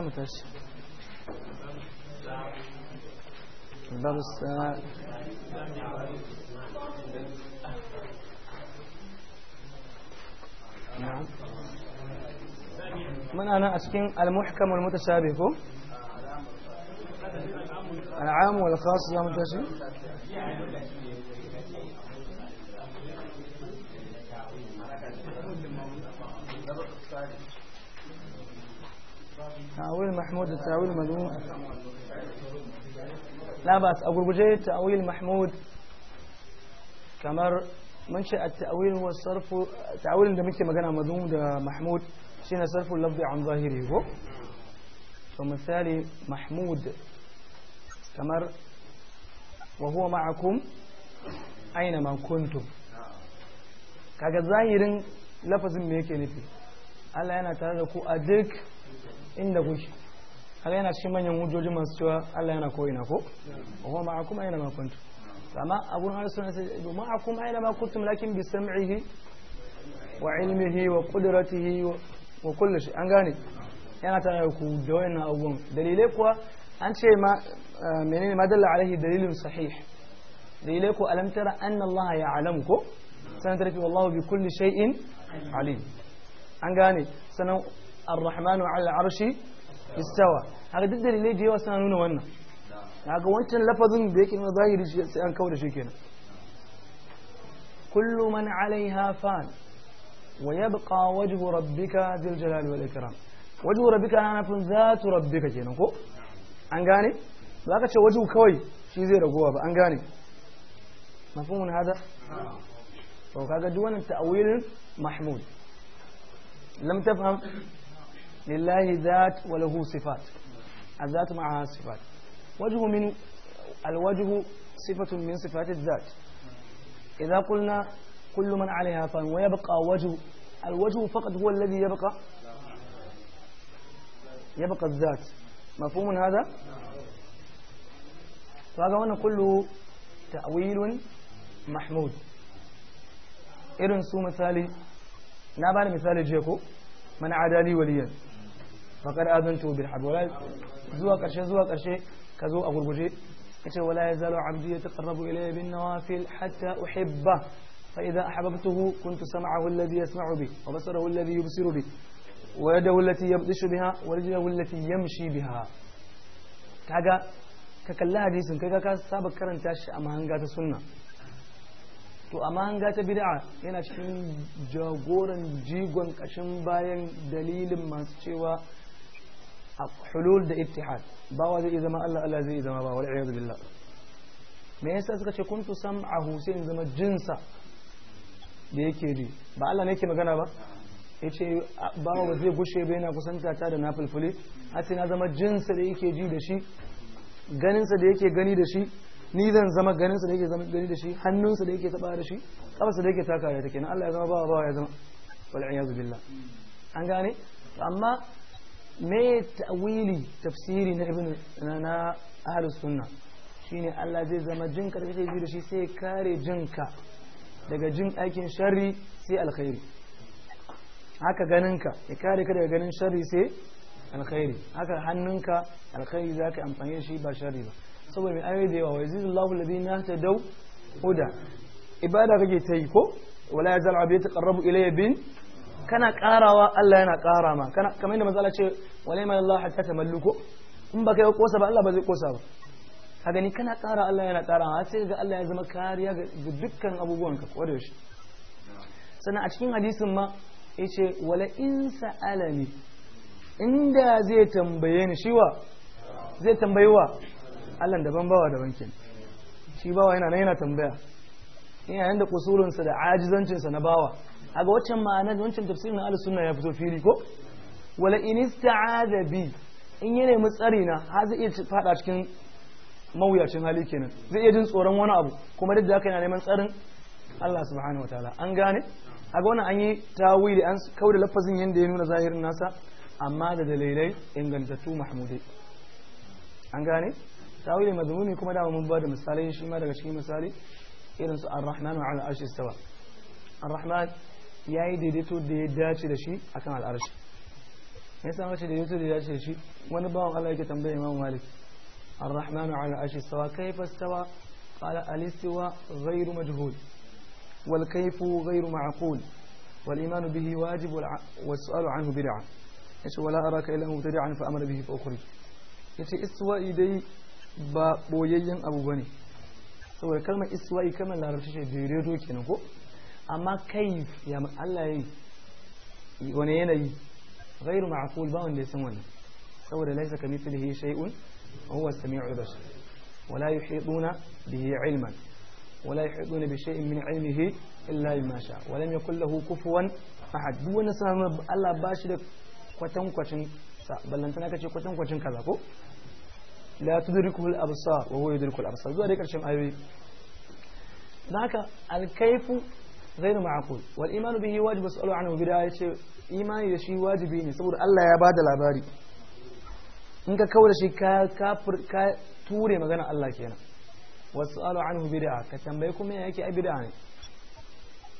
متأشر نعم من أنا أسكن المحكم والمتشابه العام والخاص لا متأشر ta'awil mahmud da ta'awil mazmum labas a gurguje ta'awil mahmud kamar mun ce a ta'awil wa sarfu ta'awilin da muke magana mazmum da mahmud shine sarfu lafzi an zahiri ko to misali mahmud kamar wa huwa ma'akum aina ma kuntum kaga zahirin lafazin me yake nufi Allah yana tare da ku a duk inda kuke haka yana cikin manyan hujjoji masu cewa Allah yana ko ina ko wa ma akum aina ma kuntum amma abun har sunan sai ma akum aina ma kuntum lakin bi sam'ihi wa ilmihi wa qudratihi wa kulli shi an gane yana ta tare ku da wayannan abubuwan dalilai kuwa an ce ma eh, menene ma dalla alaihi dalilin sahih dalilai ko alam tara anna Allah ya ko sanan tarfi wallahu bi kulli shay'in alim an gane sanan الرحمن على العرش استوى هذا الدليل اللي جيوا سانونا وانا هذا وانتن لفظن بيكين وظاهر سيان كودا شيكينا كل من عليها فان ويبقى وجه ربك ذي الجلال والإكرام وجه ربك أنا فن ذات ربك جينكو أنغاني لاكا شو وجه كوي شي زي رغوا أنغاني مفهوم هذا فوق نعم. هذا دون التأويل محمود لم تفهم لله ذات وله صفات الذات معها صفات وجه من الوجه صفة من صفات الذات إذا قلنا كل من عليها فان ويبقى وجه الوجه فقط هو الذي يبقى يبقى الذات مفهوم هذا فهذا وانا كله تأويل محمود إذن سو مثالي نابعني مثالي جيكو من عدالي وليا faqad azantu bil harb wala zuwa karshe zuwa karshe ka zo a gurguje kace wala yazalu abdi yabin ilayya bin nawafil hatta uhibba fa idha ahbabtuhu kuntu sam'ahu alladhi yasma'u bi wa basarahu alladhi yubsiru bi wa yadahu allati yabdishu biha wa rijluhu allati yamshi biha kaga ka kalla hadisin kaga ka saba karanta shi a mahanga ta sunna to amma an ta bid'a yana cikin jagoran jigon kashin bayan dalilin masu cewa hulul da ittihad bawa zai zama Allah Allah zai zama ba wal da billah me yasa suka ce kuntu sam'ahu sai in zama jinsa da yake ji ba Allah ne yake magana ba yace ba ba zai gushe bai na kusanta ta da nafilfili har sai na zama jinsa da yake ji da shi ganinsa da yake gani da shi ni zan zama ganinsa da yake zama gani da shi hannunsa da yake taba da shi kafarsa da yake taka da take na Allah ya zama bawa ba ya zama wal iyad billah an gane amma me ta'wili tafsiri na ibn na ahlus sunna shine Allah zai zama jin karfi zai da shi sai kare jinka daga jin aikin sharri sai alkhairi haka ganinka ya kare ka daga ganin sharri sai alkhairi haka hannunka alkhairi za ka amfani da shi ba sharri ba saboda mai ayoyi da yawa wa yazidu Allahu ladina tadaw huda ibada kake ta yi ko wala yazal abiyatu qarrabu ilayya bin kana karawa Allah yana kara ma kana kamar yadda manzo ce walai man Allah hatta tamalluko in baka yi kosa ba Allah ba zai kosa ba ka gani kana kara Allah yana kara ma sai ga Allah ya zama kariya ga dukkan abubuwan ka ko da sannan a cikin hadisin ma yace wala in sa'alani inda zai tambaye ni shi wa zai tambayi wa Allah daban bawa daban bankin shi bawa yana nan yana tambaya yana yanda kusurinsa da ajizancinsa na bawa a ga waccan ma'anar wancan tafsirin na alisunan ya fito fili ko wala in ista'aza bi in yi nemi tsari na ha zai iya fada cikin mawuyacin hali kenan zai iya jin tsoron wani abu kuma duk da haka yana neman tsarin Allah subhanahu wataala an gane a ga wani an yi tawili an kauda lafazin yadda ya nuna zahirin nasa amma da dalilai ingantattu mahmudai an gane da mazmumi kuma da mun ba da misalai shi ma daga cikin misali irin su ar-rahman wa al arshi istawa ar-rahman ya yi daidaito da ya dace da shi akan al'arshi ya samu ce daidaito da ya dace da shi wani bawan Allah yake tambaya Imam Malik الرحمن على العرش استوى كيف استوى قال الاستوى غير مجهول والكيف غير معقول والإيمان به واجب والسؤال عنه بدعة yace wala araka illa mubtadi'an fa amara bihi fa ukhrij yace iswa'i dai ba boyayyen abu bane saboda kalmar iswa'i kalmar larabci ce daidaito kenan ko amma kai ya Allah ya yi wani yanayi ghairu ma'qul ba wanda ya san wannan saboda laisa kamithlihi shay'un wa huwa as-sami'ul basir wala yuhituna bihi ولا يحيطون بشيء من علمه إلا بما شاء ولم يكن له كفوا أحد duk wani sahabi Allah ba shi da kwatankwacin sa ballantana kace kwatankwacin kaza ko la tudriku al absar wa huwa yudriku al absar zuwa dai karshen ayoyi dan haka غير معقول والإيمان به واجب saboda عنه ya إيمان يشي واجبين سبور الله يا بعد العباري إنك كورا شي كافر كا توري مغانا الله كينا واسأل عنه بدعة كتنبيكم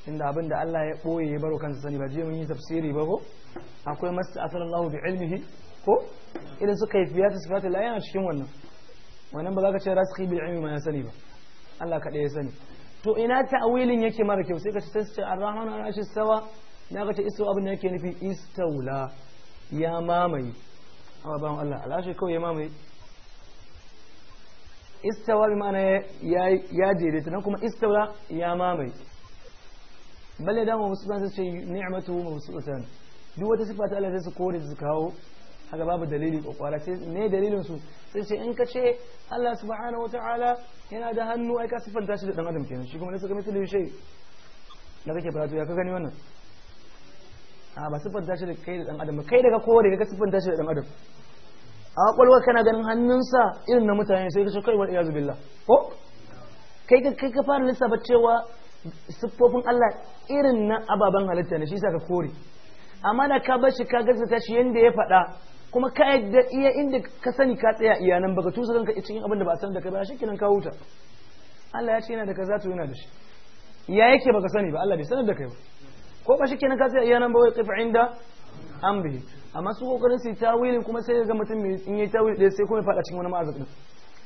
inda abinda Allah ya boye ya baro kansa sani ba je mun yi tafsiri ba ko akwai masu asar Allah bi ilmihi ko idan suka yi fiye sifati la yana cikin wannan wannan ba za ka ce rasikhi bil ilmi ma ya sani ba Allah ya sani to ina ta'awilin yake mara kyau sai ka sai su ce ar-rahman al-arshi sawa na ga ta istawa abin da yake nufi istaula ya mamaye amma bawan Allah al kawai ya mamaye istawa bi ma'ana ya ya daidaita nan kuma istaula ya mamaye balle da mu musulman sai ce ni'matu mawsu'atan duk wata sifata ta Allah su kore su kawo haka babu dalili kokwara sai me dalilin su sai ce in ka ce Allah subhanahu wataala yana da hannu ai ka sifanta shi da dan adam kenan shi kuma ne suka misali shi da kake fara ya ka gani wannan a ba sifanta shi da kai da dan adam kai daga kowa ka sifanta shi da dan adam a kwalwa kana ganin hannunsa irin na mutane sai ka ce kai wal iyazu billah ko kai ka kai ka fara lissafa cewa siffofin Allah irin na ababen halitta ne shi sa ka kore amma da ka bar shi ka gaskata shi yanda ya faɗa kuma ka yadda iya inda ka sani ka tsaya iya nan baka tusa kanka cikin abin da ba san da kai ba shi shekinan ka huta Allah ya ce yana da kaza to yana da shi ya yake baka sani ba Allah bai sanar da kai ba ko ba shi ka tsaya iya nan ba wai kafa inda bi. amma su kokarin su tawilin kuma sai ga mutum in yi tawil dai sai kuma fada cikin wani ma'azab din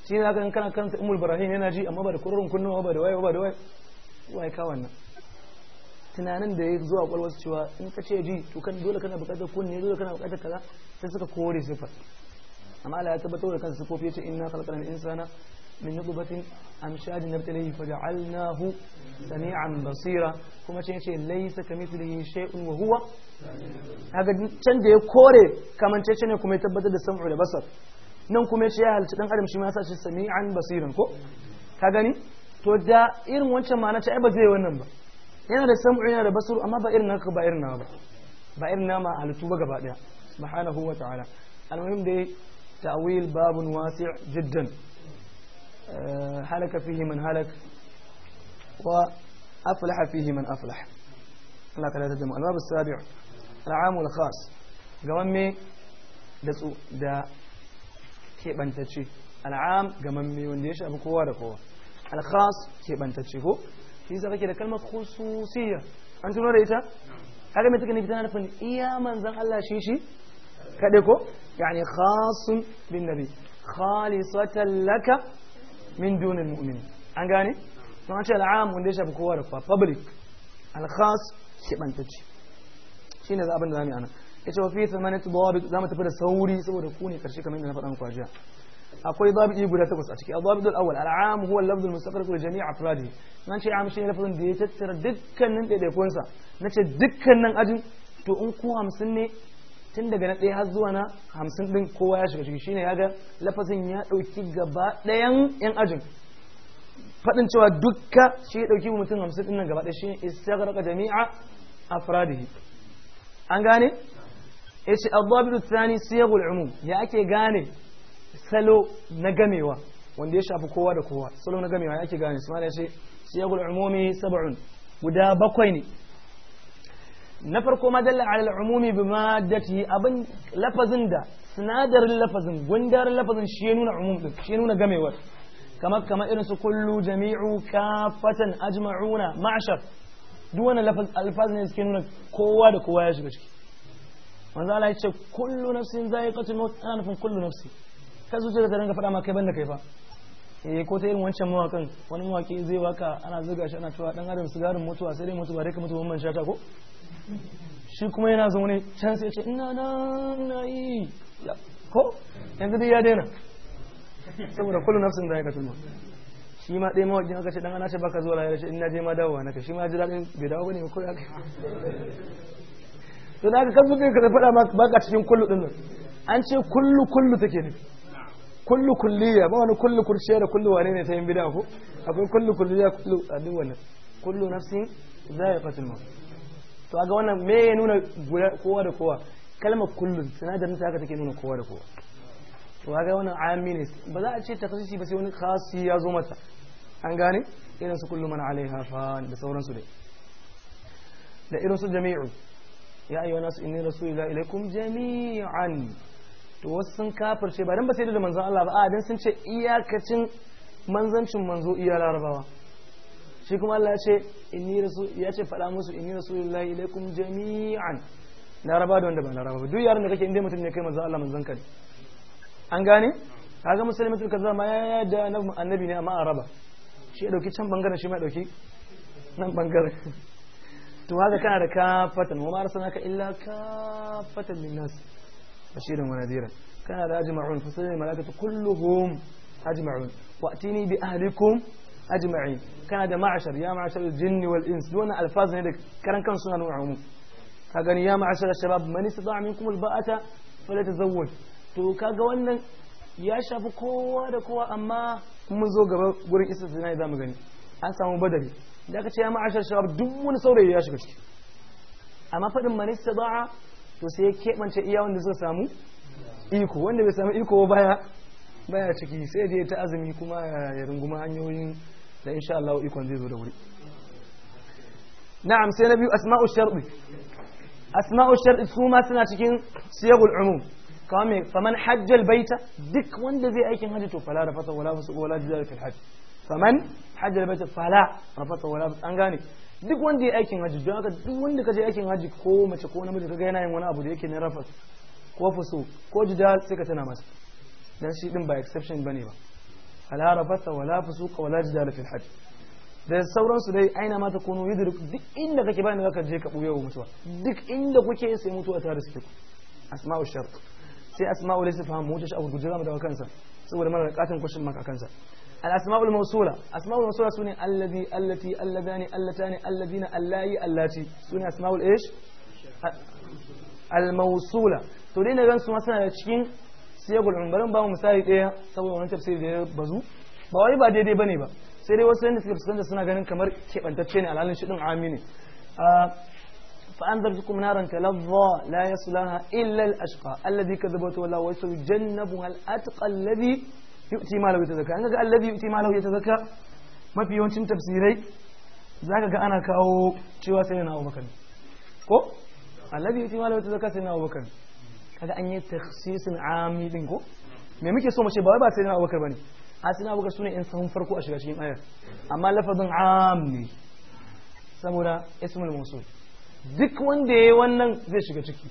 shi ne zaka kan kansa umul barahin yana ji amma ba da kurorin kunnuwa ba da waye ba da waye waye ka wannan tunanin da ya zuwa kwalwarsu cewa in ka ce ji to kan dole kana bukatar kunne dole kana bukatar kaza sai suka kore sifar amma Allah ya tabbatar da kansa kofi yace inna khalaqnal insana min nutfatin amshajin nabtalihi faja'alnahu sami'an basira kuma ce yace laysa kamithlihi shay'un wa huwa kaga can da ya kore kamancece ne kuma ya tabbatar da sam'u da basar nan kuma ya halci dan adam shi ma ya shi sami'an basiran ko ka gani to da irin wancan ma'ana ta ai ba zai wannan ba yana da sam'u yana da basaru amma ba irin haka ba irin nama ba ba irin nama halittu ba gaba daya subhanahu wa ta'ala almuhim dai ta'wil babun wasi' jiddan halaka fihi man halak wa aflaha fihi man aflah Allah kada ta jama'a babu sabi'u al'amu al-khas gaman me da su da keɓantacce al'am gaman me wanda ya shafi kowa da kowa al-khas keɓantacce ko shi kake da kalmar khususiyya an tuno da ita kaga me take nufi tana nufin iya manzon Allah shi shi kade ko yani khasun bin nabi khalisatan laka min dunil mu'minin an gane don ce al'am wanda ya shafi kowa da fa public al-khas shibantacce shine abin da zamu yi anan yace wa fi thamanatu dawabit zamu tafi da sauri saboda ku ne karshe kamar inda na faɗa muku a jiya akwai zabi'i guda takwas a ciki al-zabi'u al-awwal al-aam huwa al-lafz al-mustaqarriq li jami' afradihi nan ce am shine lafazin da ya tattara dukkanin daidaikun sa nace dukkanin ajin to in ko 50 ne tun daga na ɗaya har zuwa na 50 din kowa ya shiga ciki shine yaga lafazin ya dauki gaba ɗayan yan ajin fadin cewa dukka shi ya dauki mutum 50 din nan gaba ɗaya shine istaghraqa jami'a afradihi an gane yace al-dhabitu thani siyaghul umum ya ake gane salo na gamewa wanda ya shafi kowa da kowa salo na gamewa ake gane su mana ce siyagul umumi sab'un guda bakwai ne na farko ma dalla ala al-umumi bi maddati abin lafazin da sinadarin lafazin gundarin lafazin shi ya nuna umum din shi ya nuna gamewar kamar kamar irin su kullu jami'u kafatan ajma'una ma'ashar duk wannan alfazin ne suke nuna kowa da kowa ya shiga ciki manzo Allah ya ce kullu nafsin za'iqatul maut ana nufin kullu nafsi ka zuciya ta ga faɗa ma kai banda kai fa eh ko ta irin wancan mawakan wani mawaki zai baka ana zuga shi ana cewa dan adam sigarin mutuwa sai dai mutuwa dai ka mutu ban shata ko shi kuma yana ne can sai ya ce ina na na yi ko yanzu dai ya daina saboda kullu nafsin da ya katulma shi ma ɗaya mawaƙin aka ce dan ana ce baka zuwa lahira shi ina je ma dawowa naka shi ma ji dadin bai dawo bane ko ya kai to da aka kafa ka faɗa ma baka cikin kullu din nan an ce kullu kullu take nufi kullu kulliya ba wani kullu kurciya da kullu wane ne ta yin bida ko akwai kullu kulliya kullu a duk wannan kullu nafsin za'iqatul maut to ga wannan me ya nuna kowa da kowa kalmar kullun sinadarin ta haka take nuna kowa da kowa to ga wannan ammi ne ba za a ce takhsisi ba sai wani khasi ya zo mata an gane irin su kullu man alaiha fan da sauransu dai da irin su jami'u ya ayyuhan nasu inni rasulullah ilaikum jami'an to wasu sun kafirce ba dan ba sai da manzon Allah ba a dan sun ce iyakacin manzancin manzo iya larabawa shi kuma Allah ya ce inni rasul ya ce faɗa musu inni rasulullahi ilaikum jami'an laraba da wanda ba laraba ba duk yaron da kake inda mutum ne kai manzan Allah manzon ka ne an gane kaga musulmi kaza ma ya na annabi ne amma araba shi ya dauki can bangaren shi ma dauki nan bangaren to haka kana da kafatan wa ma arsalnaka illa kafatan linnas. بشيرا ونذيرا كان لا يجمعون فصلنا الملائكة كلهم أجمعون وأتيني بأهلكم أجمعين كان هذا معشر يا معشر الجن والإنس دون ألفاظ هذيك كان كان سنة نوعهم كان يا معشر الشباب من استطاع منكم الباءة فليتزوج تو kaga wannan ya shafi kowa da kowa amma mun zo gaba gurin isa sinai za mu gani an samu badari da aka ce ya ma'ashar shawar duk wani saurayi ya shiga ciki to sai ya keɓance iya wanda suka samu iko wanda bai samu iko baya baya ciki sai ya ta azumi kuma ya runguma hanyoyin da insha Allah ikon zai zo da wuri na'am sai na biyu asma'u shar'i asma'u shar'i su ma suna cikin siyagul umum kamar mai faman hajjal baita duk wanda zai aikin hajji to fala rafata wala fasu wala jidal fil hajj faman hajjal baita fala rafata wala an gane duk wanda ya aikin hajji don haka duk wanda ka je aikin hajji ko mace ko namiji kaga yana yin wani abu da yake na rafas ko fuso ko jidal sai ka tana masa dan shi din ba exception bane ba ala rafasa wala fusuqa wala jidal fil hajj da sauransu dai aina mata kono yudruk duk inda kake bani zaka je ka buye wa mutuwa duk inda kuke sai mutuwa ta riske ku asma'u shart sai asma'u laysa Fahamu ta shi abu gujira mu daga kansa saboda mara katin kwashin maka kansa الأسماء الموصولة أسماء الموصولة سوني الذي التي اللذان اللتان الذين اللائي اللاتي سوني أسماء الإيش الموصولة تولين أغان سوما سنة cikin siyagul العنبرن ba mu misali ɗaya saboda wani tafsiri بزو ya bazu ba wai ba daidai bane ba sai dai wasu yadda suka fuskanta suna ganin kamar keɓantacce ne alhalin shi ɗin amini فأنذرتكم نارا تلظى لا يصلها إلا الأشقى الذي كذب ولا ويسوي جنبها الأتقى الذي yu'ti malahu yatazakka an ga allazi yu'ti malahu yatazakka mafi yawancin tafsirai zaka ga ana kawo cewa sai na Abubakar ko allazi yu'ti malahu yatazakka sai na Abubakar kaga an yi takhsisin ami din ko me muke so mu ce ba wai ba sai na Abubakar bane a sai na Abubakar sune in san farko a shiga cikin ayar amma lafazin ammi saboda ismul mawsul duk wanda yayi wannan zai shiga ciki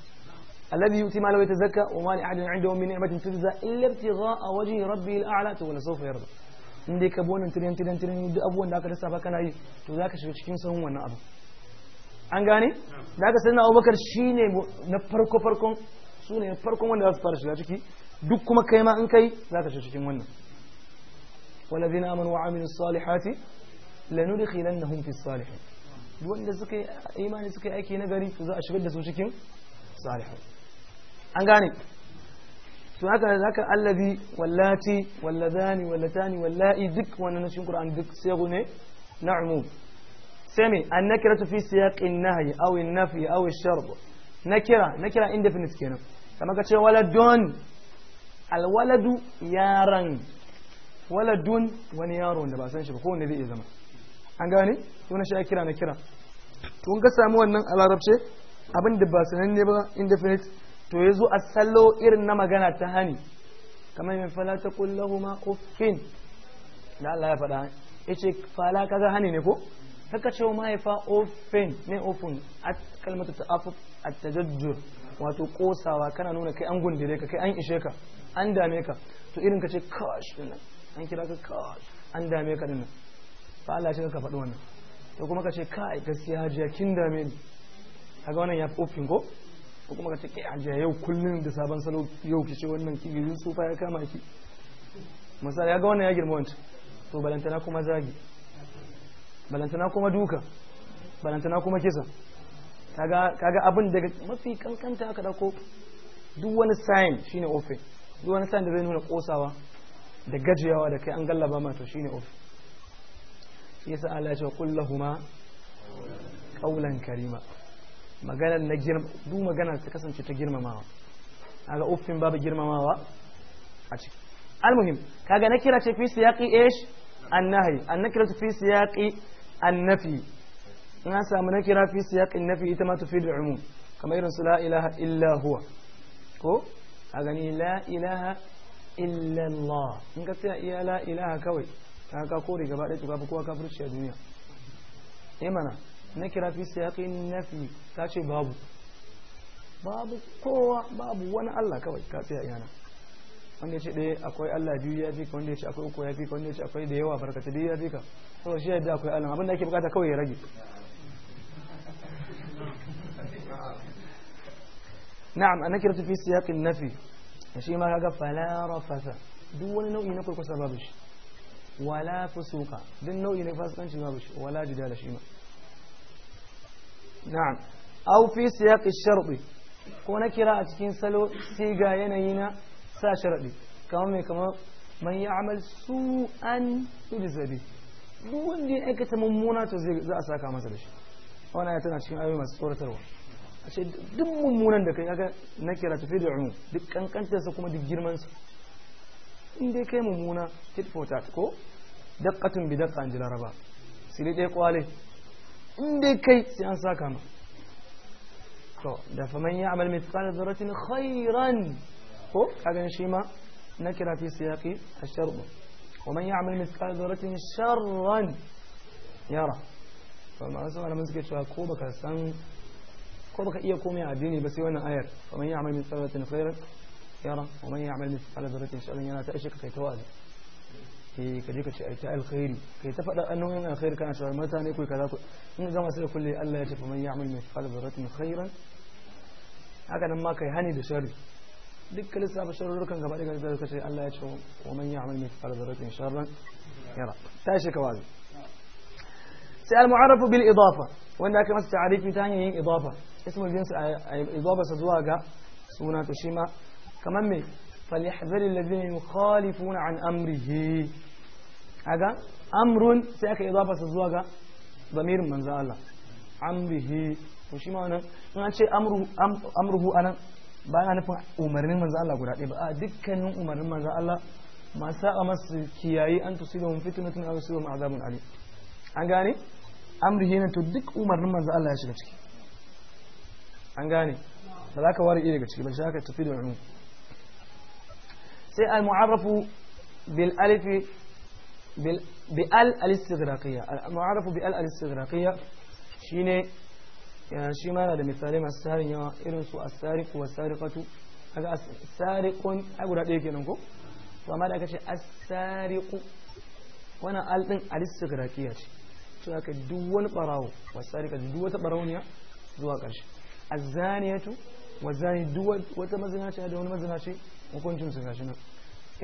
الذي يؤتي ماله يتزكى وما لأحد عنده من نعمة تجزى إلا ابتغاء وجه ربه الأعلى to wani saufa yarda in ka bi wannan tirin tirin tirin duk da aka lissafa kana yi to za ka shiga cikin sahun wannan abu an gane da aka sanar abubakar shi na farko farkon su ne farkon wanda za shiga ciki duk kuma kai ma in kai za ka shiga cikin wannan والذين آمنوا وعملوا الصالحات لندخلنهم في الصالحين wanda suka yi imani suka yi aiki na gari to za a shigar da su cikin salihai an gane to haka haka allazi wallati wallazani wallatani walla'i duk wannan na cikin qur'ani duk sai ne na'mu sai me annakiratu fi siyaqin nahyi aw an-nafi aw ash-shart nakira nakira indefinite kenan kamar ka ce waladun alwaladu yaran waladun wani yaro wanda ba san shi ba ko wanda zai iya zama an gane sunan shi kira na kira to in ka samu wannan a larabce abin da ba sananne ba indefinite to ya zo a sallo irin na magana ta hani kamar mai fala ta kullahu ma uffin da Allah ya faɗa ya ce fala kaga hani ne ko kaka ce mahaifa ofin ne ofin a kalmata ta afu a tajajjur wato kosawa kana nuna kai an gundire ka kai an ishe ka an dame ka to irin ka ce kash dinnan an kira ka kash an dame ka dinnan fa Allah ya ce ka faɗi wannan to kuma ka ce kai gaskiya hajiya kin dame ni kaga wannan ya fi ko ko kuma ka ce kai ajiya yau kullum da sabon salo yau ki ce wannan kibirin tsufa ya kama ki misali ya ga wannan ya girma wancan to balantana kuma zagi balantana kuma duka balantana kuma kisa kaga abin daga mafi kankanta aka dauko duk wani sign shine ofe duk wani sign da zai nuna kosawa da gajiyawa da kai an gallaba ma to shine ofe shi yasa Allah ya ce kullahuma qawlan karima magana na girma duk maganar ta kasance ta girmamawa kaga uffin babu girmamawa a ciki almuhim kaga na kira ce fi siyaqi ish annahi annakira fi siyaqi annafi in an samu na kira fi siyaqi annafi ita ma tufidu umum kamar irin su la ilaha illa huwa ko a gani la ilaha illa Allah in ka tsaya iya la ilaha kawai ka ka kore gaba ɗaya to ka fi kowa kafirci a duniya imana. Eh na kira fi siyaqin nafi ka ce babu babu kowa babu wani Allah kawai ka tsaya yana wanda ce ɗaya akwai Allah biyu ya fi ka wanda ya ce akwai uku ya fi ka wanda ya ce akwai da yawa barkata biyu ya fi ka saboda shi yadda akwai Allah abinda ake bukata kawai ya rage na'am ana kirtu fi siyaqin nafi shi ma kaga fala rafasa duk wani nau'i na kurkusa babu shi wala fusuka duk nau'i na fasikanci babu shi wala jidala shi ma na'am aw fi siyaq ash-shart ko na kira a cikin salo siga yanayi na sa sharadi kamar mai kamar man ya'mal su'an yujzabi duk wanda ya aikata mummuna to zai za a saka masa da shi wannan ya tana cikin ayoyi masu tsoratarwa ashe duk mummunan da kai kaga na kira tafi da umu duk kankantarsa kuma duk girmansa in dai kai mummuna tit for tat ko daqqatun bi daqqa an ji laraba siri dai kwale in kai sai an saka ma to da fa man ya'mal mithqala dharratin khairan ko kagan shi ma nakira fi siyaqi ash-shart wa man ya'mal mithqala dharratin sharran yara fa ma sai ala muske cewa ko baka san ko baka iya komai addini ba sai wannan ayar fa man ya'mal mithqala dharratin khairan yara wa man ya'mal mithqala dharratin sharran yana ta shi kai tawazi ke kaje ka ce ai ta alkhairi kai ta faɗa annoyin alkhairi kana cewa mata ne kai kaza ku in gama sai kulli Allah ya tafi man ya'mal mithqala dharratin khairan haka nan ma kai hani da sharri duk dukkan lissafa sharrurukan gaba da gaza ka ce Allah ya ce wa man ya'mal mithqala dharratin sharran yara tashi ka wazi sai al-mu'arraf bil idafa wanda aka masa ta'arifi ta hanyar idafa ismul jins idafa sa zuwa ga suna to shi ma kaman me فليحذر الذين يخالفون عن أمره هذا أمر سيأك إضافة الزواج ضمير من ذا الله أمره وشي ما أنا أمره أمره أنا bayan ana nufin umarnin manzo الله guda ba a dukkanin umarnin manzo Allah a masu kiyaye an tusibahum fitnatun aw yusibahum azabun alim an gane amrihi ne to duk umarnin manzo Allah ya shiga ciki an gane ba za ka ware daga ciki ba ka tafi da umar sai al-mu'arrafu bil alif bi al al-istighraqiyya al-mu'arrafu bi al al-istighraqiyya shine shi ma yana da misalai masu sarin yawa irin su as-sariq wa as-sariqatu kaga as-sariqun ai guda ɗaya kenan ko to amma da aka ce as-sariqu wannan al din al-istighraqiyya ce to aka duk wani barawo was-sariqatu duk wata barawniya zuwa ƙarshe az-zaniyatu wa zani duk wata mazinaciya da wani mazinaci hukuncin su gashi nan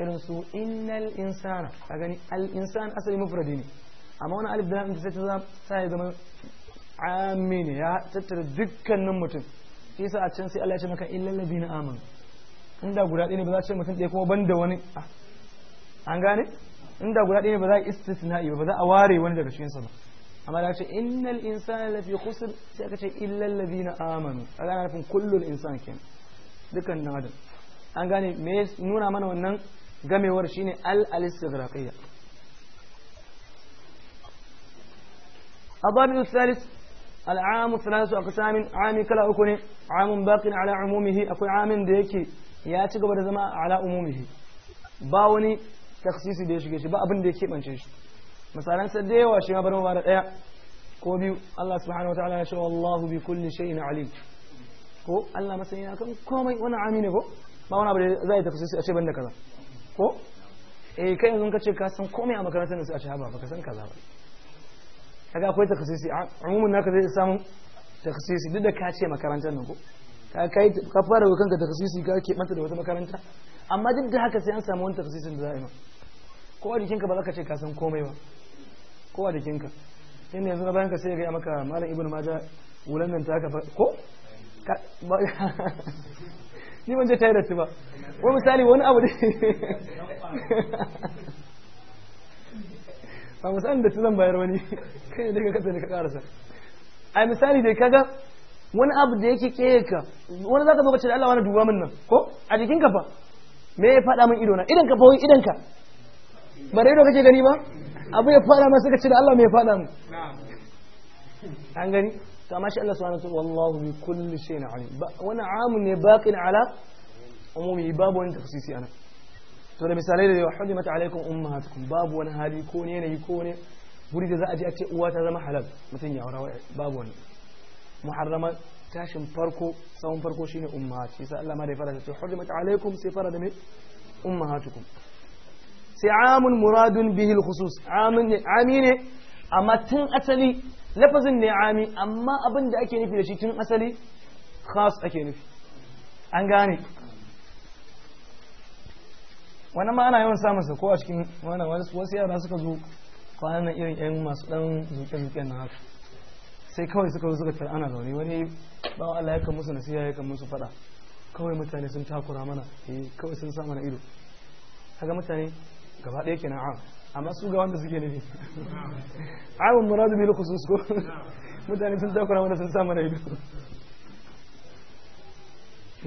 irin su innal insana ka gani al insan asali mufradi ne amma wani alif da ta ta ta ya zama amin ya tattara dukkanin mutum shi sa a can sai Allah ya ce maka illal ladina aman inda guda ɗaya ne ba za a ce mutum ɗaya kuma banda wani ah, an gane inda guda ɗaya ne ba za a istisna'i ba za a ware wani daga cikin sa ba amma da ce innal insana lafi khusr sai ka ce illal ladina amanu kaga na nufin kullul insan kenan dukkan adam an gane me nuna mana wannan gamewar shi ne al’alistirakiyya. a zabi usulis al’amun sanarsu a kusamin amin kala uku ne amin bakin ala umumihi akwai amin da yake ya ci gaba da zama ala umumihi ba wani taksisi da ya shiga shi ba abin da ya kebance shi misalan sa da yawa shi ma bar mabara daya ko biyu Allah subhanahu wataala ya shawo Allah bi kulli shay'in alim ko Allah masanya kan komai wani ne ko ba wani abu da za a yi tafi sai a ce banda kaza ko eh kai yanzu ka ce ka san komai a makarantar da su a ce haba baka san kaza ba kaga akwai takhsisi umumin naka zai samu takhsisi duk da ka ce makarantar nan ko ka kai ka fara wa kanka takhsisi ka ke mata da wata makaranta amma duk da haka sai an samu wani takhsisin da za a yi ma kowa jikinka ba za ka ce ka san komai ba kowa jikinka sai yanzu na bayan ka sai ya gaya maka malam ibnu maja wulannan ta haka ko ni ban je toilet ba wai misali wani abu ba misalin da ta zan bayar wani kai ne daga kasa da ka karasa a misali dai kaga wani abu da yake keye ka wani zaka zo ka ce da Allah wani duba min nan ko a jikin ka fa me ya fada min ido na idan ka bawai idan ka ba da ido kake gani ba abu ya fada masa ka ce da Allah me ya fada min an gani to amma shi Allah subhanahu wa ta'ala wallahu bi kulli shay'in alim wannan amun ne baqin ala umumi babu wani tafsisi ana to da misalai da yawa hujjimat alaikum ummahatukum babu wani hali ko ne yanayi ko ne guri da za a je a ce uwa ta zama halal mutum ya aura babu wani muharrama tashin farko tsawon farko shine ummahat shi sa Allah ma da ya fara da hujjimat alaikum sai fara da me ummahatukum sai amun muradun bihi al-khusus amin ne amma tun asali lafazin ne ami amma abin da ake nufi da shi tun asali khas ake nufi an gane wani ma ana yawan samun sa ko a cikin wani wasu yara suka zo kwanan nan irin yan masu dan zuke-zuke na haka sai kawai suka zo suka tara ana zaune wani bawa Allah ya kan musu nasiha ya kan musu fada kawai mutane sun takura mana eh kawai sun sa mana ido kaga mutane gaba ɗaya kenan a amma su ga wanda suke nufi awon muradu bil khusus ko mutane sun takura wanda sun sa mana ido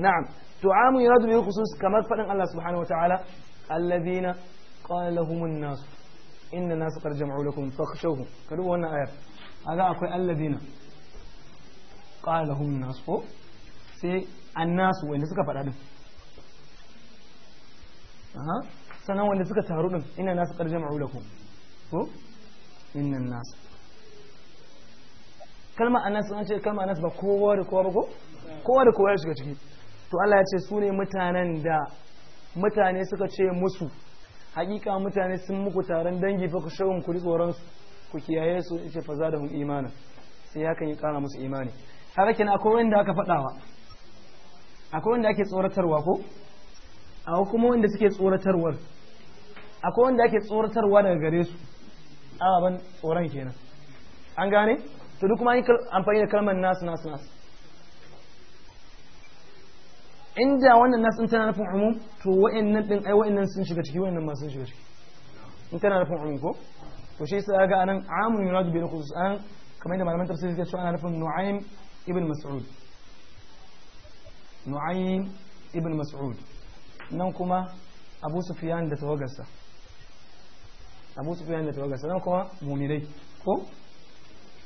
na'am to amu yuradu bil khusus kamar fadin Allah subhanahu wa ta'ala alladhina qala lahumun nas inna nas qad jama'u lakum fakhshawhum ka duba wannan ayar kaga akwai alladhina qala lahumun nas ko sai annasu wanda suka faɗa din aha sanan wanda suka taru din ina nasu karje ma'ulakum ko innan nasu kalma anas an ce kalma anas ba kowa da kowa ba ko kowa da kowa ya shiga ciki to Allah ya ce su ne mutanen da mutane suka ce musu hakika mutane sun muku taron dangi fa ku shawun ku tsoron su ku kiyaye su yace fa za da mu imani sai hakan ya kara musu imani haka kenan akwai wanda aka fadawa akwai wanda ake tsoratarwa ko akwai kuma wanda suke tsoratarwar akwai wanda ake tsoratarwa daga gare su ababen tsoron kenan an gane to duk kuma an yi amfani da kalmar nasu nasu nasu inda wannan nasu in tana nufin umum to wa'annan din ai wa'annan sun shiga ciki wa'annan ma sun shiga ciki in tana nufin umum ko to shi sai ga anan amun yuradu bil khusus an kamar yadda malaman tafsir suke cewa ana nufin nu'aym ibn mas'ud nu'aym ibn mas'ud nan kuma abu sufiyan da tawagarsa abu sufiyan da tawagarsa nan kuma muminai ko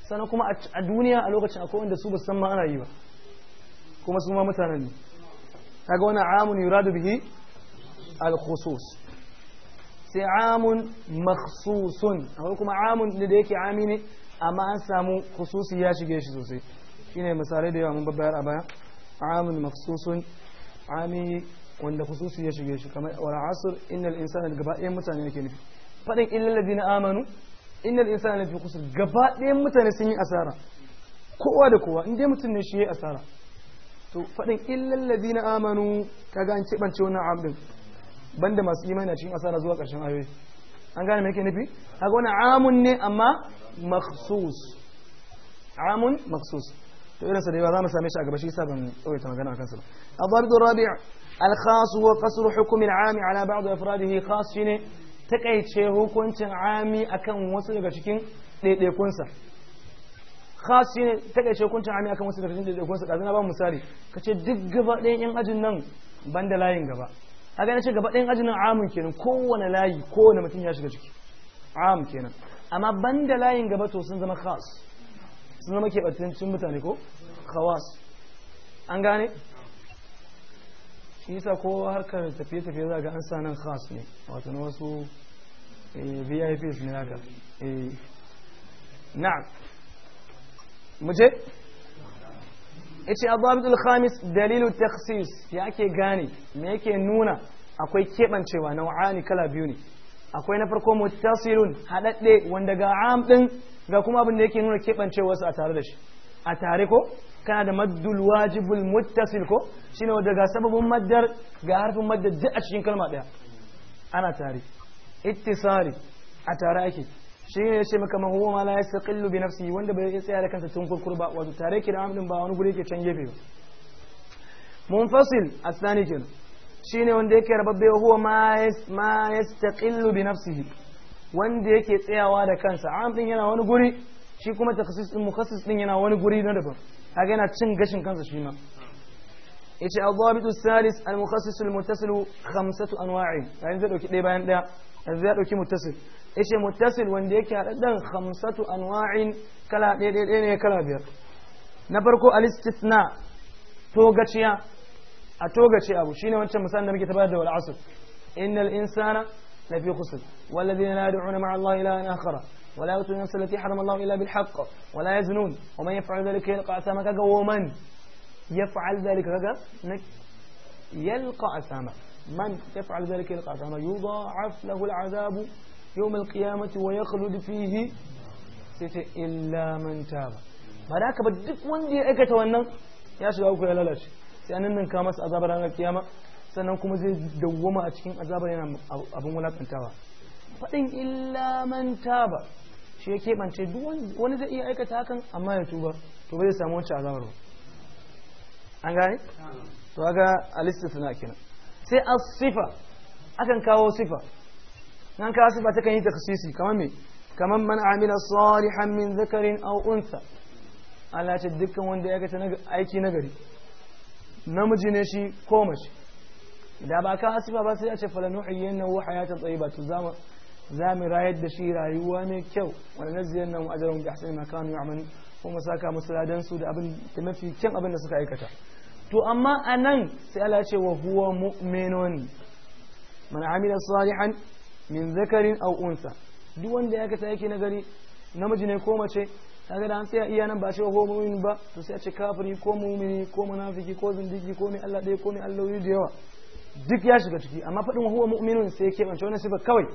sannan kuma a duniya a lokacin akwai wanda su ba san ma ana yi ba kuma su ma mutanen ne kaga wani amun yuradu bihi al-khusus sai amun makhsusun akwai kuma amun da yake ami ne amma an samu khususi ya shige shi sosai shine misalai da yawa mun babbayar a baya amun makhsusun ami wanda hususi ya shige shi kamar wal asr innal insana gaba ɗayan mutane yake nufi fadin illal ladina amanu innal insana lafi khusr gaba ɗayan mutane sun yi asara kowa da kowa in dai mutum ne shi yayi asara to fadin illal ladina amanu kaga an ce ce wannan amdin banda masu imani a cikin asara zuwa ƙarshen ayoyi an gane me yake nufi kaga wani amun ne amma makhsus amun makhsus to irin sa da yawa za mu same shi a gaba shi yasa ban ta magana akan sa ba adardu rabi' الخاص هو قصر حكم العام على بعض أفراده خاص شيني تكيتشي hukuncin عامي akan wasu daga cikin ɗaiɗaikunsa khas shine takaice hukuncin ami akan wasu daga cikin ɗaiɗaikunsa ɗazu na ba misali ka duk gaba ɗayan yan ajin nan ban da layin gaba a gane ce gaba ɗayan ajin nan amin kenan kowane layi kowane mutum ya shiga ciki am kenan amma ban da layin gaba to sun zama khas sun zama keɓantaccen mutane ko khawas an gane shi yasa ko harkar tafiye-tafiye za ga an sa nan khas ne wato na wasu eh, vips ne haka eh, na'am muje yace abubuwan khamis dalilu takhsis ya ake gane me yake nuna akwai kebancewa nau'ani kala biyu ne akwai na farko muttasilun hadadde wanda ga am din ga kuma abin da yake nuna kebancewa su a tare da shi a tare ko kana da maddul wajibul muttasil ko shine wanda ga sababin maddar ga harfin maddar duk a cikin kalma daya ana tare ittisari a tare ake shi ne yace maka man huwa ma la yastaqillu bi nafsihi wanda bai tsaya da kansa tun kurkur ba wato tare ki da amdin ba wani guri yake can gefe ba munfasil asani kenan shine wanda yake rababbe huwa ma ma yastaqillu bi nafsihi wanda yake tsayawa da kansa amdin yana wani guri shi kuma takassis din mukhassis din yana wani guri na daban kaga yana cin gashin kansa shi ma yace adabitu salis al mukhassis al muttasil khamsatu anwa'i yayin zai dauki ɗaya bayan ɗaya yanzu ya dauki muttasil yace muttasil wanda yake hadaddan khamsatu anwa'in kala ɗaya ɗaya ne kala biyar na farko al istithna togaciya a togace abu shine wancan misalin da muke tabbatar da wal asr innal insana لا في خسر والذين لا يدعون مع الله إلى أن آخر ولا يؤتون النفس التي حرم الله إلا بالحق ولا يزنون ومن يفعل ذلك يلقى أسامة كذا ومن يفعل ذلك كذا يلقى أسامة من يفعل ذلك يلقى أسامة يضاعف له العذاب يوم القيامة ويخلد فيه إلا من تاب ba da haka ba duk wanda ya aikata wannan ya shiga uku ya lalace sai an sannan kuma zai dawwama a cikin azabar yana abin wulakantawa faɗin illa man taba shi ya keɓance duk wani zai iya aikata hakan amma ya tuba to bai samu wancan azabar ba an gane to ga alista suna kenan sai a sifa akan kawo sifa nan kawo sifa ta kan yi takasisi kamar me kamar man amila salihan min zakarin aw untha Allah ce dukkan wanda ya aikata aiki nagari namiji ne shi ko mace da ba ka asifa ba sai a ce fala nuhiyyannahu hayatan tayyibatu zama za mu rayar da shi rayuwa mai kyau wani naziyar nan ajarun da hasini makanu ya amin ko saka musu ladan su da abin da mafi kyan abin da suka aikata to amma a nan sai Allah ce wa huwa mu'minun man amila salihan min zakarin aw unsa duk wanda ya kasa yake nagari namiji ne ko mace kaga da an sai iya nan ba shi wa huwa mu'min ba to sai a ce kafiri ko mu'mini ko munafiki ko zindigi ko mai Allah ɗaya ko mai Allah da yawa duk ya shiga ciki amma faɗin wa huwa mu'minun sai ya keɓance wani sifar kawai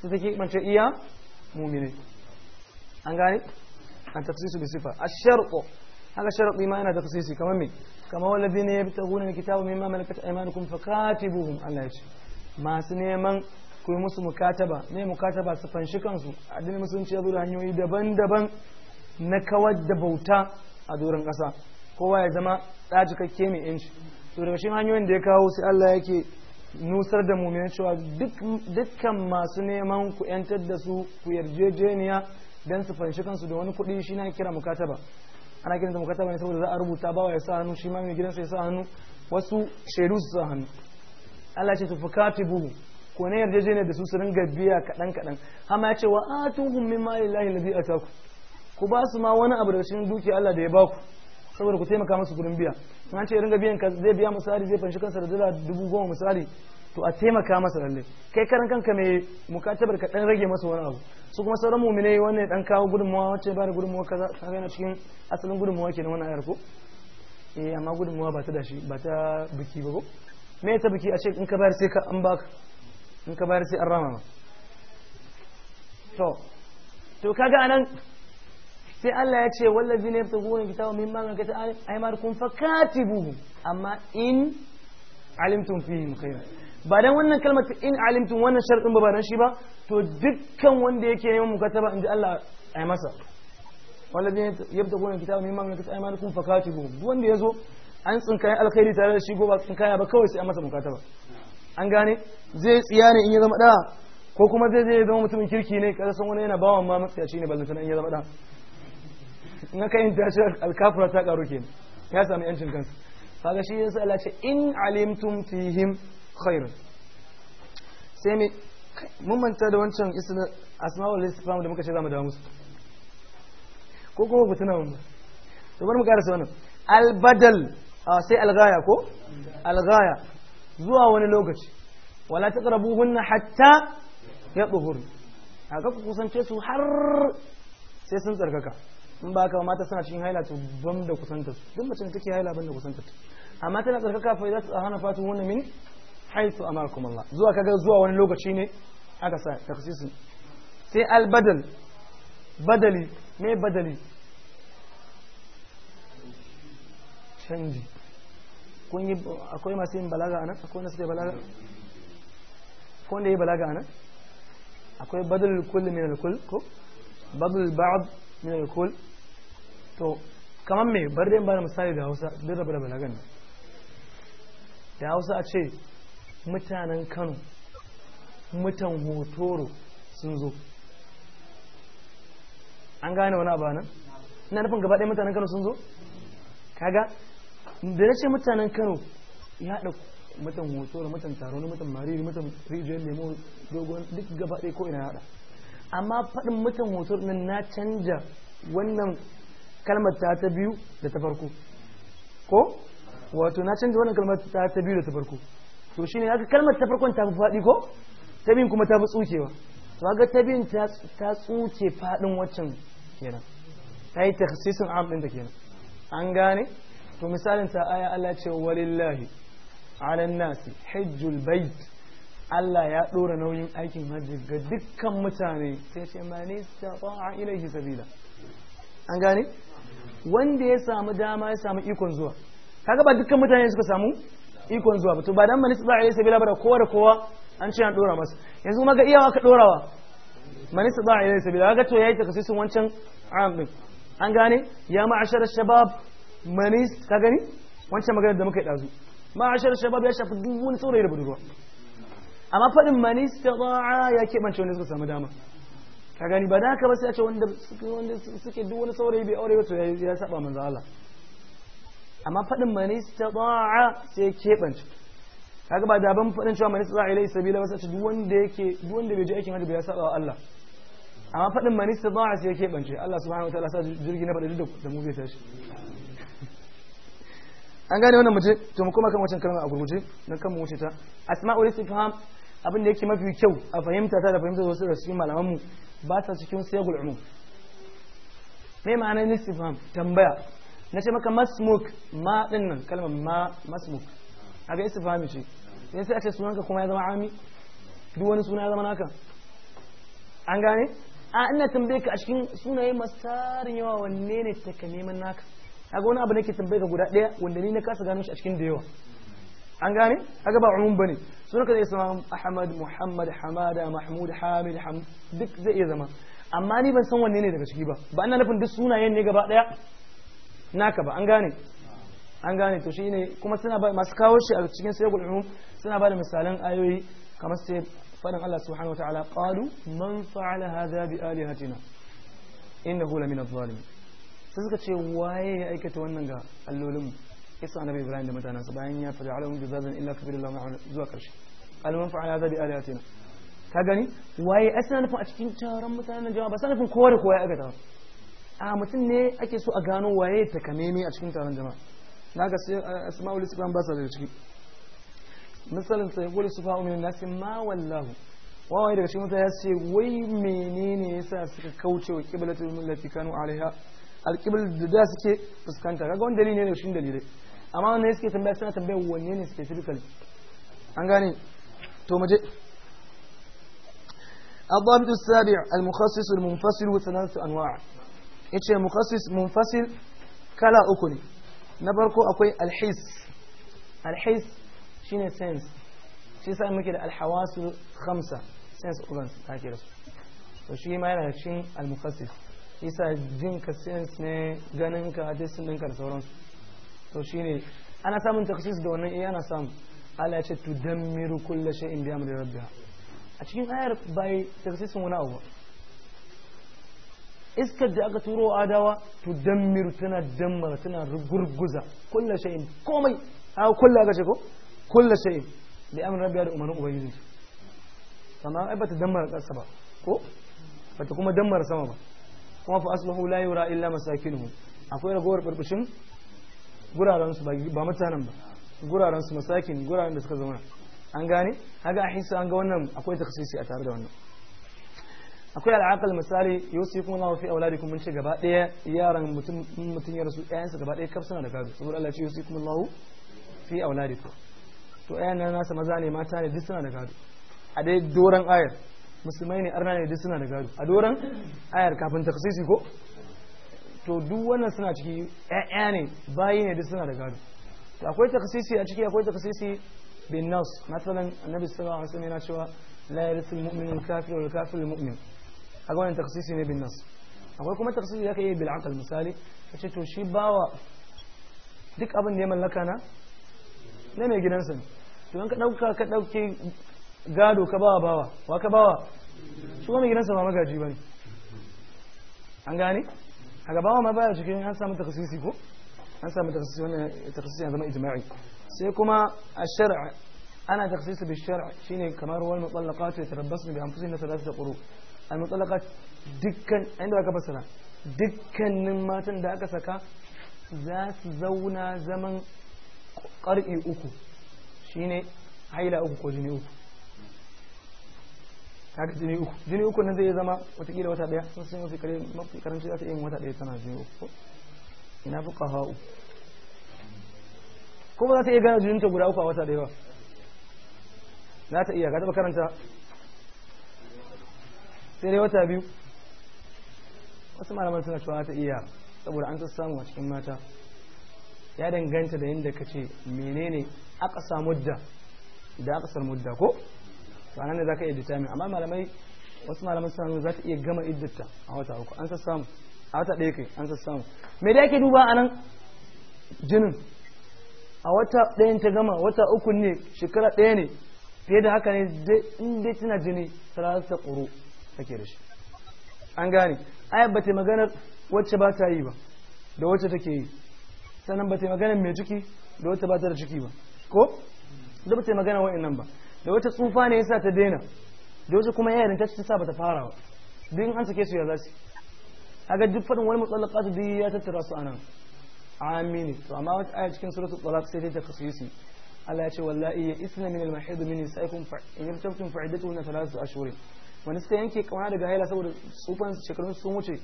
sai ta keɓance iya mu'mini an gane an tafsisu bi sifa a sharqu haka sharqi ma yana da tafsisi kamar me kamar walladina yabtaguna alkitaba mimma malakat aymanukum fakatibuhum Allah ya ce masu neman ku musu mukataba ne mukataba su fanshi kansu addinin musulunci ya zo da hanyoyi daban-daban na kawar da bauta a doron ƙasa kowa ya zama ɗajikakke mai yanci to daga cikin hanyoyin da ya kawo sai Allah yake nusar da mumin cewa dukkan masu neman ku yantar da su ku yarjejeniya don su fanshi kansu da wani kuɗi shi na kira mukataba ana kiranta mukataba ne saboda za a rubuta bawa ya sa hannu shi ma mai gidansa ya sa hannu wasu shaidu su sa hannu Allah ce tufukatibu ko ne yarjejeniya da su su ringa biya kaɗan kadan. amma ya ce wa atuhum mimma lillahi ladhi ataku ku ba su ma wani abu da cikin dukiya Allah da ya baku saboda ku taimaka musu gurin biya sun an ce ringa biyan ka zai biya misali zai fanshi kansa da dala dubu goma misali to a taimaka masa lalle kai karan kanka mai mukatabar ka dan rage masa wani abu su kuma sauran mu'minai wannan dan kawo gudunmawa wacce ba da gudunmawa kaza kaga yana cikin asalin gudunmawa kenan wannan ayar ko eh amma gudunmawa ba ta dashi ba ta biki ba ko me ta biki a ce in ka bayar sai ka an baka in ka bayar sai an rama ma to to kaga anan sai Allah ya ce wallazi ne yafta guwan kitabu min aimar kun fakati fakatibuhu amma in alimtum fihim khairan ba dan wannan kalmar in alimtum wannan sharadin ba ba dan shi ba to dukkan wanda yake neman kataba inji Allah yi masa wallazi yabtaguna kitabu mimman yakta kun fakatibu duk wanda yazo an tsinkaye alkhairi tare da shi ko ba tsinkaya ba kawai sai an masa mukataba an gane zai tsiya ne in ya zama da ko kuma zai zai zama mutumin kirki ne kaza san wani yana bawan ma matsayaci ne ballan sanan in ya zama da in aka yin tashar alkafura ta karo ke ya sami yancin kansu kaga shi yasa Allah ce in alimtum fihim khair sai me mun manta da wancan isna asmaul islam da muka ce zamu dawo musu ko kuma ku tuna wannan to bar mu karasa wannan albadal sai algaya ko algaya zuwa wani lokaci wala taqrabuhunna hatta yadhhur haka ku kusance su har sai sun tsarkaka in ba ka haka mata suna cikin haila to ban da kusantar duk mace take haila ban da kusanta amma tana tsarkaka fa idan hana fatu wannan min haisu amarkum Allah zuwa kaga zuwa wani lokaci ne aka sa taksisin sai al badal badali me badali canji kun yi akwai masu yin balaga anan akwai wanda suke balaga ko wanda yi balaga anan akwai badal kullu min al-kull ko badal ba'd min al-kull to kamar me bari dai bada misali da Hausa duk rabu da balagan da Hausa a ce mutanen Kano mutan hotoro sun zo an gane wani abu nan ina nufin gaba ɗaya mutanen Kano sun zo kaga da na ce mutanen Kano ya da mutan hotoro mutan taro mutan mariri mutan rijiyar lemo dogon duk gaba ɗaya ko ina ya haɗa amma faɗin mutan hotoro nan na canja wannan kalmar ta ta biyu da ta farko ko wato na canza wannan kalmar ta ta biyu da ta farko to shine haka kalmar ta farkon ta fi fadi ko ta biyun kuma ta fi tsukewa to ga ta biyun ta tsuke fadin waccan kenan ta yi taksisin am da kenan an gane to misalin ta aya Allah ce walillahi ala nasi hajjul bait Allah ya ɗora nauyin aikin hajji ga dukkan mutane sai sai ce man ta ilahi sabila an gane wanda ya samu dama ya samu ikon zuwa kaga ba dukkan mutane suka samu ikon zuwa ba to ba dan manisa ba a yi sabila ba da kowa da kowa an ce an dora masa yanzu kuma ga iyawa ka dorawa manisa ba a yi sabila ga to yayi takasisin wancan am din an gane ya ma'ashar shabab manis ka gani wancan maganar da muka yi dazu ma'ashar shabab ya shafi duk wani saurayi da budurwa amma fadin manis ta ya keɓance wanda suka samu dama ka gani ba da haka ba sai a ce wanda suke duk wani saurayi bai aure ba to ya saba manzo Allah amma faɗin manista ta'a sai ya keɓance kaga ba da ban faɗin cewa mani ta'a ilai sabila wasu duk wanda yake duk wanda bai je aikin hajji bai ya saba wa Allah amma faɗin mani ta'a sai ya keɓance Allah subhanahu wataala sa jirgi na faɗi duk da mu zai tashi an gane wannan mace to mu kan wancan kalma a gurguje na kan mu wuce ta asma'ul istifham abin da yake mafi kyau a fahimta ta da fahimta wasu da su malaman mu ba ta cikin siyagul umum me ma'anar nistifam tambaya na ce maka masmuk ma din nan kalmar ma masmuk a ga istifami ce sai sai a ce sunanka kuma ya zama ami duk wani suna ya zama naka an gane a ina tambaye ka a cikin sunaye masu tarin yawa wanne ne ta ka neman naka ga wani abu nake tambaye ka guda ɗaya wanda ni na kasa gano shi a cikin da yawa an gane a ba umum bane sunan ka zai zama ahmad muhammad hamada mahmud hamid duk zai iya zama amma ni ban san wanne ne daga ciki ba ba ina nufin duk sunayen ne gaba daya naka ba an gane an gane to shi ne kuma suna ba masu kawo shi a cikin sayyidul umum suna ba da misalan ayoyi kamar sai fadin Allah subhanahu wataala qalu man fa'ala hadha bi alihatina innahu lamina adh-dhalimin sai suka ce waye ya aikata wannan ga allolin mu kisa annabi ibrahim da mutanensa bayan ya fada alamun juzazan illa kabir Allah ma'ana zuwa karshe alamun fa'ala zabi aliyatina ka gani waye ai suna nufin a cikin taron mutanen jama'a ba suna nufin kowa da kowa ya agata a mutum ne ake so a gano waye ta kameme a cikin taron jama'a na ga asma'ul islam ba sa daga ciki misalin sai gole su fa'u min nasi ma wallahu wawaye daga cikin mutane ya ce wai menene yasa suka kauce wa qiblatul millati kanu alaiha alqibl da suke fuskanta kaga wani dalili ne da shin dalilai amma wanda suke tambaya suna tambaya wanne ne specifically an gane to mu je الضابط السابع المخصص المنفصل ثلاثة أنواع yace mukhassis munfasil kala uku ne na farko akwai alhis alhis shine sense shi sa muke da alhawasul khamsa sense organs ake to shi ma yana cikin almukhassis yasa jin ka sense ne ganin ka ɗinka da sauransu to ne ana samun taksis da wannan iya eh, ana samu ala ya ce tudammiru kullu in bi da rabbiha a cikin ayar bai taksis wani abu iskar da aka turo adawa tudammiru tana damar tana gurguza shi in komai a kulle aka ce ko kullu in bi amri rabbiha da umarnin ubangiji sama ai bata damar kasa ba ko bata kuma damar sama ba kuma fa aslahu la yura illa masakinuhu akwai ragowar burbushin guraren su ba mutanen ba guraren su masakin guraren da suka zama an gane haga su an ga wannan akwai taksisi a tare da wannan akwai al'aqal misali yusifu Allahu fi auladikum mun ce gaba daya yaran mutum ya rasu ƴaƴansa gaba daya kaf suna da gado saboda Allah ya ce yusifu Allahu fi auladikum to ƴaƴan nan nasa maza ne mata ne duk suna da gado a dai doran ayar musulmai ne arna ne duk suna da gado a doran ayar kafin taksisi ko to duk wannan suna ciki ƴaƴa ne bayi ne duk suna da gado to akwai taksisi a ciki akwai taksisi bin nas masalan annabi sallallahu alaihi wasallam yana cewa la yarisu almu'minu al-kafir wal kafir a kaga wannan taksisi ne bin nas akwai kuma taksisi da yi bil aql misali kace to shi bawa duk abin da ya mallaka na na mai gidansa ne to in ka dauka ka dauke gado ka bawa bawa wa ka bawa shi mai gidansa ba magaji bane an gane a gaba ma baya cikin an samu takhsisi ko an samu takhsisi wannan takhsisi ya zama ijma'i sai kuma a shar ana takhsisi bi shar' shine kamar wal mutallaqat yatarabbasna bi anfusihinna thalathata quru al mutallaqat dukkan inda aka fassara dukkanin matan da aka saka za su zauna zaman ƙar'i uku shine haila uku ko jini uku haka jini uku jini uku nan zai zama watakila wata daya sun sun mafi kare mafi karanci za ta yin wata daya tana jini uku ina fi kahau kuma za ta iya gane jininta guda uku a wata daya ba za ta iya ka taba karanta sai dai wata biyu wasu malaman suna cewa ta iya saboda an samu a cikin mata ya danganta da yadda ka ce menene aka samu da da aka samu da ko sannan anan ne ka iya min amma malamai wasu malamai suna za ta iya gama iddata a wata uku an sassamu a wata ɗaya kai an sassamu me da ake duba anan jinin a wata ɗayan ta gama wata uku ne shekara ɗaya ne fiye da haka ne in dai tana jini ta ƙuru take da shi an gane ai ba ta maganar wacce ba ta yi ba da wacce take yi sannan ba ta maganar mai ciki da wacce ba ta da ciki ba ko da ba ta maganar nan ba da wata tsufa ne yasa ta daina da wata kuma yayin ta ta sa bata fara ba duk an sake su ya zasu aga duk fadin wani mutsalaqatu duk ya tattara su anan amin to amma wata aya cikin suratul talaq sai ta kasisi Allah ya ce wallahi ya isna min al-mahid min nisaikum fa in yartabtum fa iddatuhunna thalathatu ashhurin wani suka yanke kauna daga haila saboda tsufan shekarun sun wuce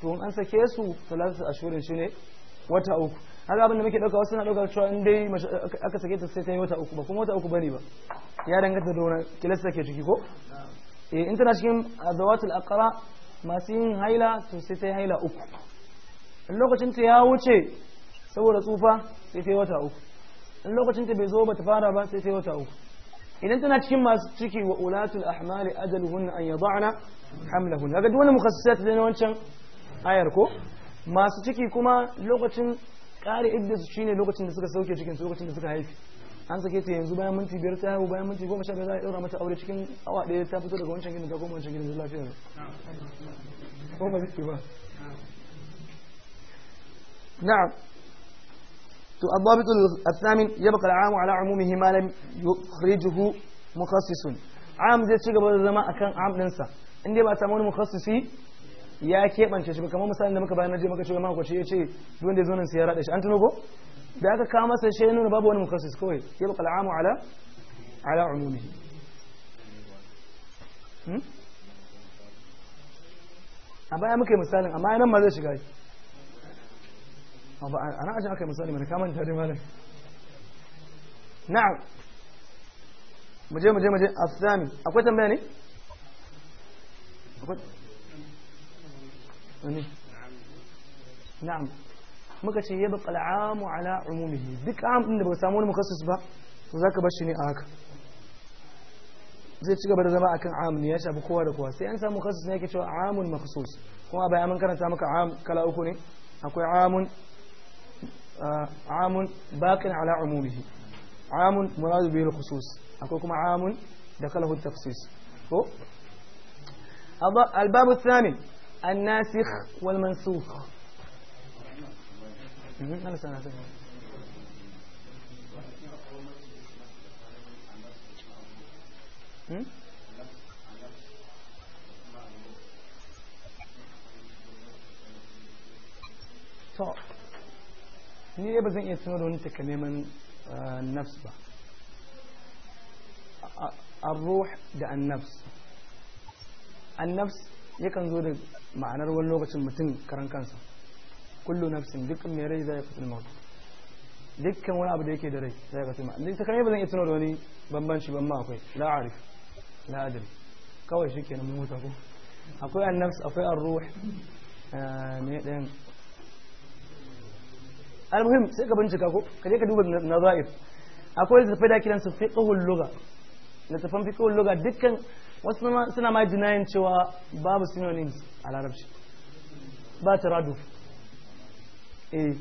to an sake su thalathatu ashhurin shine wata uku haka abin da muke dauka wasu na daukar cewa in dai aka sake ta sai ta yi wata uku ba kuma wata uku bane ba ya danganta da wani kilasta ke ciki ko eh in tana cikin zawatul aqra masu yin haila to sai ta yi haila uku in lokacin ta ya wuce saboda tsufa sai ta yi wata uku in lokacin ta bai zo ba ta fara ba sai ta yi wata uku idan tana cikin masu ciki wa ulatul ahmali ajaluhun an yada'na hamlahun kaga duk wani mukhassisat da wancan ayar ko masu ciki kuma lokacin kare idda su shine lokacin da suka sauke cikin su lokacin da suka haifi an sake ta yanzu bayan minti biyar ta haihu bayan minti goma sha biyar za a ɗora mata aure cikin awa ɗaya ta fito daga wancan gidan ta koma wancan gidan lafiya ne ko ba zai ba na'am to الضابط الثامن يبقى العام على عمومه ما لم يخرجه مخصص عام zai ci gaba da zama akan am ɗinsa in dai ba ta wani mukhassisi ya keɓance shi kamar misalin da muka bayan naje muka ce mako shi ya ce duk wanda ya zo nan sai ya shi an tuno ko da aka kawo masa shi ya nuna babu wani mukasis kawai ya ba kal'amu ala ala umumi hmm? a baya muka yi misalin amma nan ma zai shiga shi a na ajin aka yi misali mai kamar tare malam na'am muje muje muje sami akwai tambaya ne akwai na'am muka ce yabqa al'amu ala umumihi duk am din da ba samu wani mukassis ba to zai ci gaba da zama akan am ne ya shafi kowa da kowa sai an samu mukassis ne yake cewa amun makhsus kuma bai amin karanta maka am kala uku ne akwai amun ah, amun baqin ala umumihi amun muradu bihi khusus akwai kuma amun da kalahu ko al-babu الناسخ والمنسوخ to ni dai ba zan iya tuno da wani takamaiman nafs ba الروح ده النفس النفس yakan zo da ma'anar wani lokacin mutum karan kansa kullu nafsin dukkan mai rai zai fatul maut dukkan wani abu da yake da rai zai fatul maut ni sakai ba zan iya tuno da wani bambanci ban ma akwai la arif la adri kawai shikenan mun huta ko akwai an annafs akwai an ruh ne eh, dan almuhim sai ka bincika ko ka je ka duba nazair akwai zafai da kiransu fiqhul lugha na tafan fiqhul lugha dukkan wasu suna ma jinayin cewa babu synonyms a larabci ba ta radu eh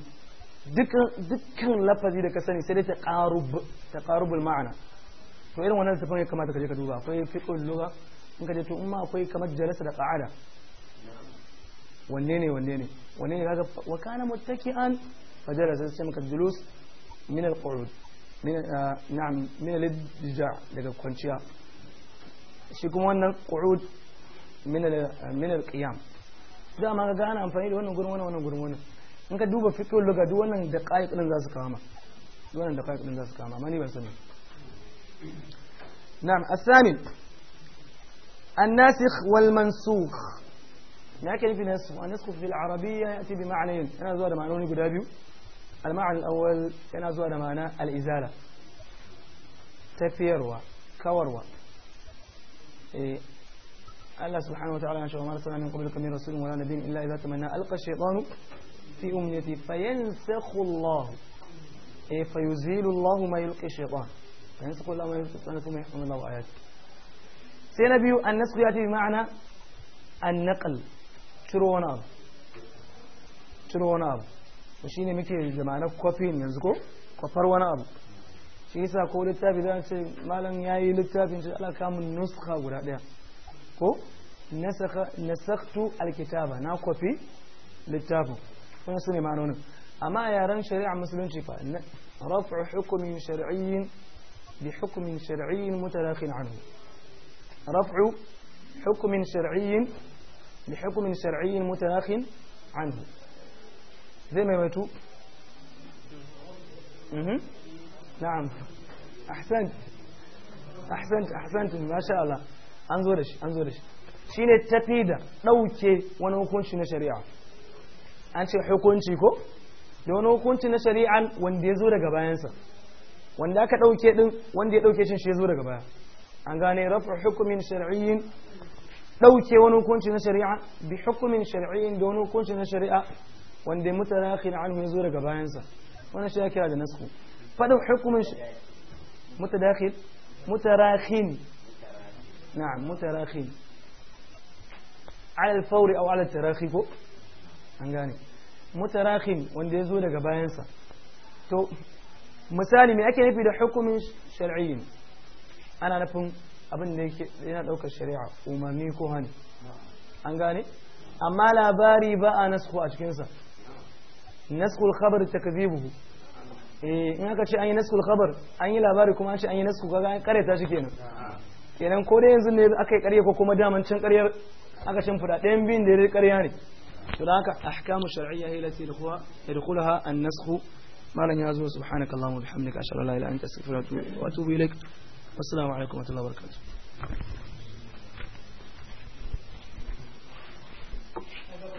dukkan lafazi da ka sani sai dai ta ƙarubul ma'ana to irin wannan sifan ya kamata ka je ka duba akwai fiqhul lugha in ka je to umma akwai kamar jalasa da qa'ada wanne ne wanne ne wanne ne kaga wa kana muttaki'an fa jalasa sai maka julus min al-qu'ud min ah, na'am min al-idja daga kwanciya شكم وانا قعود من من القيام إذا ما قال أنا أمفاني لو أنا قرمونا وأنا قرمونا إنك دوبا في كل لغة دو دقائق لن ذاس كاما دو أنا دقائق لن ذاس كاما ماني بسنا نعم الثامن الناسخ والمنسوخ لكن في نسخ النسخ في العربية يأتي بمعنيين أنا زوال معنى أوني قدابيو المعنى الأول أنا زوال معنى الإزالة تفيروا كوروا إيه. الله سبحانه وتعالى شاء ما رسلنا من قبلكم من رسول ولا نبي إلا إذا تمنى ألقى الشيطان في أمنيته فينسخ الله إيه، فيزيل الله ما يلقي الشيطان فينسخ الله ما يلقي الشيطان ثم يحكم الله آياته سينبي النسخ يأتي بمعنى النقل ترون أب ترون أب وشيني مكي زمانة كوفين ينزقو كفر ونأب shi yasa ko littafi za ce malam ya yi littafin Allah ka mun nuskha guda daya ko nasakha nasakhtu alkitaba na kofi littafi wani su ne ma'anonin amma a yaren shari'a musulunci fa rafu hukumin shar'iyyin bi hukumin shar'iyyin mutalaqin anhu rafu hukumin shar'iyyin bi hukumin shar'iyyin mutalaqin anhu zai mai maimaitu na'am أحسنت أحسنت أحسنت masha Allah an zo أنظرش شين التفيدة لو كي shi كنش tafi da dauke wani hukunci na shari'a an ce hukunci ko da wani hukunci na wanda ya zo daga bayansa wanda aka dauke din wanda ya dauke shin shi ya zo daga baya an gane rafa hukumin shar'iyyin dauke wani hukunci na shari'a bi hukumin shar'iyyin da wani hukunci na shari'a wanda mutarakhin zo daga bayansa wannan shi ya da nasku فله حكم متداخل متراخٍ نعم متراخٍ على الفور أو على التراخي فوق أنجاني متراخٍ وانده يزول قبائنسا تو ake nufi da hukumin shari'i ana nufin abin da yana ɗaukar shari'a umarni ko hani an gane amma labari ba a nasku a cikinsa naskul khabar buhu. Eh, in aka ce an yi naskul khabar an yi labari kuma an ce an yi naskul kaga an karyata shi kenan kenan ko dai yanzu ne aka yi karya ko kuma daman can karyar aka shan fuda ɗayan biyun da ya karya ne to da haka ahkamu shar'iyya hiya lati yadkhulaha an-naskh malam ya zo subhanaka allahumma bihamdika ashhadu an la ilaha illa anta astaghfiruka wa atubu ilaik wassalamu alaikum wa rahmatullahi wa barakatuh